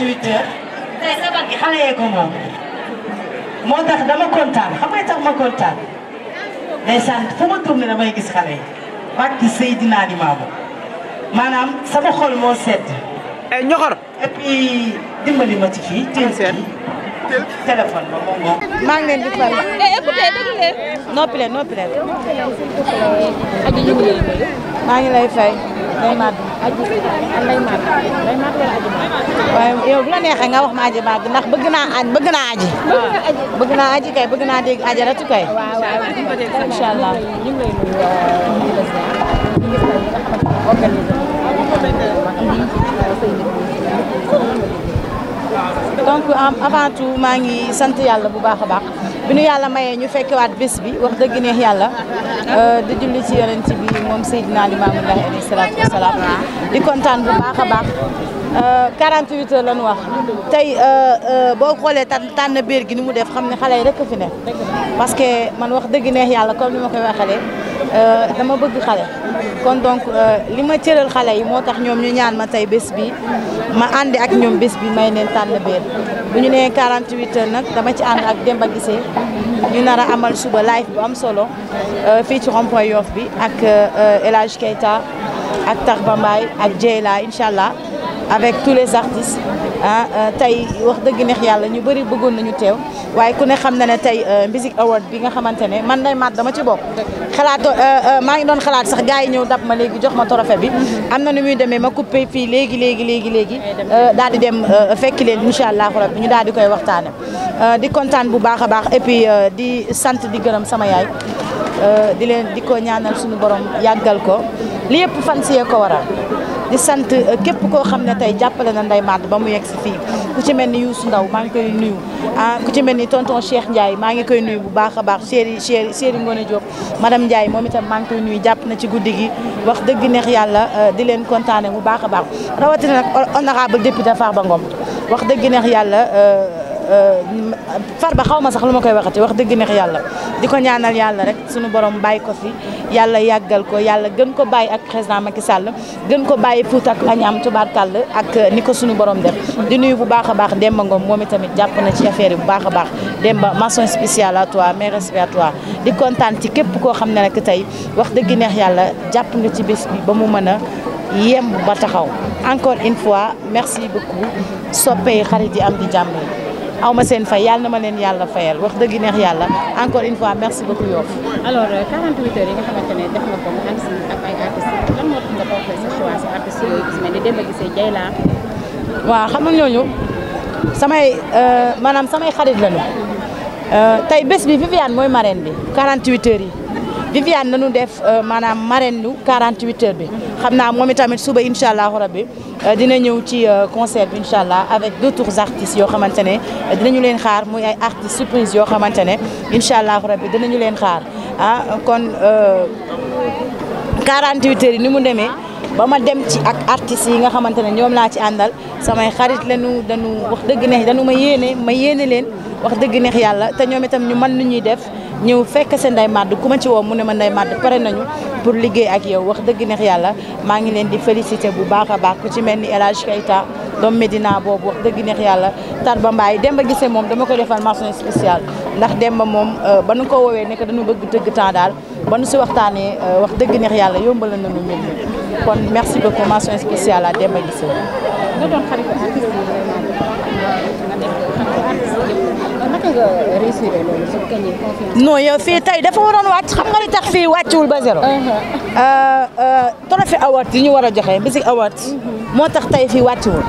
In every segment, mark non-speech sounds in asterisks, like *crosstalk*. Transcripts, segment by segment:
28 heures tey moo tax dama kontaan xam nga tax ma kontaan ndeysaan fu ma tourné damay gis xale yi wàcc Seydina Limaamu maanaam sama xol moo sedd eh, ñoxor et puis dimbali ma ci fii téel fii maa ngi leen di fal eh, eh, écoutez déglu leen noppi leen noppi leen maa ngi lay aji ak yow bu la nga wax ma aji maat ndax bëgg naa aji bëgg naa aji kay bëgg naa dégg aji kay waaw waaw incha allah ñu ngi lay donc avant tout maa ngi sant yàlla bu baax a baax bi nu yàlla mayee ñu fekkewaat bés bi wax dëgg neex yàlla euh, di julli ci yonent bi moom Seydina Limaamu Laay alayhi salaatu wasalaam di kontaan bu baax a baax 48 heures la ñu wax tey euh, euh, boo xoolee tànn béer gi ni mu def xam ne xale yi rek fi ne parce que man wax dëgg neex yàlla comme ni ma koy waxalee euh, dama bëgg xale kon donc li ma cëral xale yi moo tax ñoom ñu ñaan ma tey bés bi ma àndi ak ñoom bés bi may leen tànn biir bu ñu nee 48 heures nag dama ci ànd ak Demba Gissé ñu nar a amal suba live bu am solo fii ci rond-point bi ak El Hadj Keita ak tax Mbaye ak Dieyla incha allah avec tous les artistes ah euh, tey wax dëgg neex yàlla ñu bëri bëggoon nañu teew waaye ku ne xam na ne tey euh, music award bi nga xamante ne man day maat dama ci bokk. xalaatoo euh, maa ngi doon xalaat sax gars yi ñëw dab ma léegi jox ma torofe bi. am na nu muy demee ma coupé fii léegi léegi léegi léegi. daal di dem fekki leen incha allahu rabbi ñu daal di koy waxtaane di kontaan bu baax a baax et puis di sant di gërëm sama yaay. di leen di ko ñaanal suñu borom yàggal ko li yëpp fan di sant euh, képp koo xam ne tey jàppale na Ndeye Made ba mu yegg si fii ku ci mel ni Youssou Ndaw maa ngi koy nuyu ah ku ci mel ni tonton Cheikh Ndiaye maa ngi koy nuyu bu baax a baax chéri chéri chéri Ngone Diop madame Ndiaye moom itam maa ngi koy nuyu jàpp na ci guddi gi wax dëgg neex yàlla euh, di leen kontaane bu baax a baax rawatina nag honorable député ba Ngom wax dëgg neex yàlla euh, Euh, Farba xaw ma sax lu ma koy waxati wax dëgg neex yàlla di ko ñaanal yàlla rek sunu borom bàyyi ko fi yàlla yàggal ko yàlla gën ko bàyyi ak président Macky Sall gën ko bàyyi Fouta ak Agnam tubaarkàll ak ni ko sunu borom def di nuyu bu baax a baax Demba Ngom moom itamit jàpp na ci affaire bu baax a baax Demba mention spéciale à mais mes respects di kontaan ci képp koo xam ne rek tey wax dëgg neex yàlla jàpp nga ci bés bi ba mu mën a yemb ba taxaw encore une fois merci beaucoup soppe yi xarit am di jàmm aw ma seen fay yàlla na ma leen yàlla fayal wax dëgg neex yàlla encore une fois merci beaucoup Yoff. alors 48 euh, heures yi nga xamante ne def nga ko mu am si ak ay artistes lan moo tax nga toog sa choix si artistes yooyu gis nañ ne Demba Guissé Dieyla. waaw xam nga ñooñu samay euh, maanaam samay xarit lañu euh, tey bés bi Viviane mooy marraine bi 48 heures yi. Viviane nañu def euh, manaam marraine lu 48 heures bi xam naa moom itamit suba incha allah rabbi euh, dina ñëw ci euh, concert bi incha allah avec d'autres artistes yoo xamante ne dinañu leen xaar muy ay artistes surprise yoo xamante ne incha allah rabbi dinañu leen xaar ah kon 48 heures yi ni mu demee. ba ma dem ci ak artistes yi nga xamante ne ñoom laa ci àndal samay xarit lañu dañu wax dëgg neex dañu ma yéene ma yéene leen dëgg neex yàlla ñoom itam ñu man lu ñuy def ñëw fekk se Ndeye Made ku ma ci woo mu ne ma Ndeye Made pare nañu pour liggéey ak yow wax dëgg neex yàlla maa ngi leen di félicité bu baax a baax ku ci mel ni El Hadj Keita doom Medina boobu wax dëgg neex yàlla Tarba dem ba Gissé moom dama ko defal mention spéciale ndax dem ba moom euh, ba nu ko woowee ne dañu bëgg tëgg temps daal ba nu si waxtaanee euh, wax dëgg neex yàlla yombal na mbir mi kon merci beaucoup mention spéciale à Demba Guissé. nga doon xaritu yow fii tay dafa waroon wàcc xam nga li tax fii wàcciwul ba zéro. trophée uh-huh. uh, uh, award yi ñu war a joxe musique award. Mm-hmm. moo tax tey fii wàcciwul.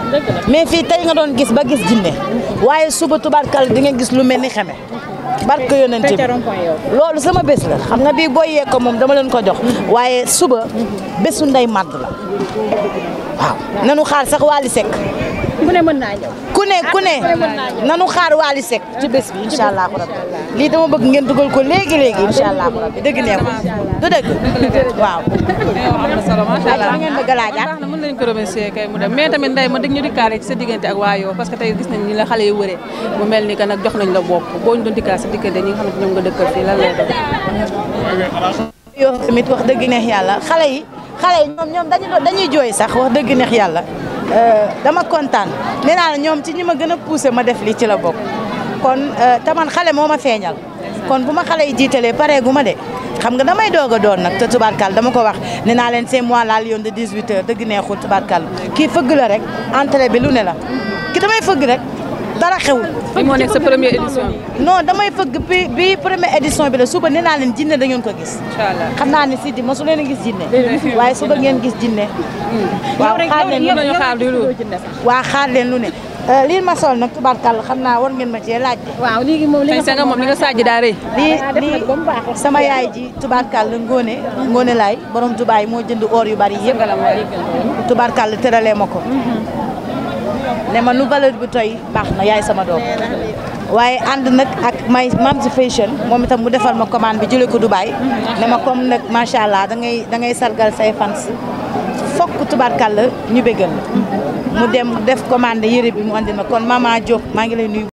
mais fii tey nga doon gis ba gis jinne mm-hmm. waaye suba tubaarkàlla di nga gis lu mel ni xeme. barke yonente bi loolu sama bés la xam nga bii booy yee ko moom dama leen ko jox waaye suba bésu nday màdd la waaw nanu xaar sax Wally Seck ku ne mën naa ñëw. ku ne ku ne nanu xaar Wally Seck ci bés bi incha allah rabbi lii dama bëgg ngeen dugal ko léegi léegi incha allah rabbi dëgg neexul du dëgg. waaw. am na solo macha allah ngeen bëgg laajaat. ndax mën nañu ko remercier kay mu dem mais tamit nday ma dégg ñu dikkaale ci sa diggante ak waa yow parce que tey gis nañ ni la xale yu wëree mu mel ni que nag jox nañ la bopp boo ñu doon dikkaale sa diggante ñi nga xam ne ñoom nga dëkkal wax dëgg neex yàlla xale yi xale yi ñoom ñoom dañuy jooy sax wax dëgg neex yàlla Euh, dama kontaan nee naa la ñoom ci ñi ma gën a poussé ma def li ci la bokk kon euh, taman xale moo ma feeñal kon bu ma xale yi jiitalee pare guma de xam nga damay doog a doon nag te tubaarkal dama ko wax nee naa leen c'est mois la lionne de 18 heures dëgg neexul tubaarkal kii fëgg la rek entrée bi lu ne la ki damay fëgg rek. dara xewul. bi moo nekk sa première édition non damay fëgg bi bi première édition bi la suba nee naa leen jinne dañu ko gis. incha allah xam naa ne Sidi mosu leen gis jinne. *laughs* waaye suba ngeen gis jinne. waaw leen lu ne xaar lu ne. waaw xaar leen lu ne. Euh, lii ma sol nag tubaarkàlla xam naa war ngeen ma cee laaj de. waaw léegi moom li nga xam moom li nga sàjj daa rëy. lii lii sama yaay ji tubaarkàlla ngóone ngóone laay borom Dubaay moo jënd or yu bari yëpp. tubaarkàlla tëralee ma ko. Mm-hmm. ne ma nu valeur bi toy baax na yaay sama doom waaye ànd nag ak may mam si fashion moom itam mu defal ma commande bi jëlee ko Dubaay ne ma comme nag macha allah da ngay da sargal say fans fokk tubaarkàlla ñu bégal la mu dem def commande yére bi mu andi ma kon maa Diop maa ngi lay nuyu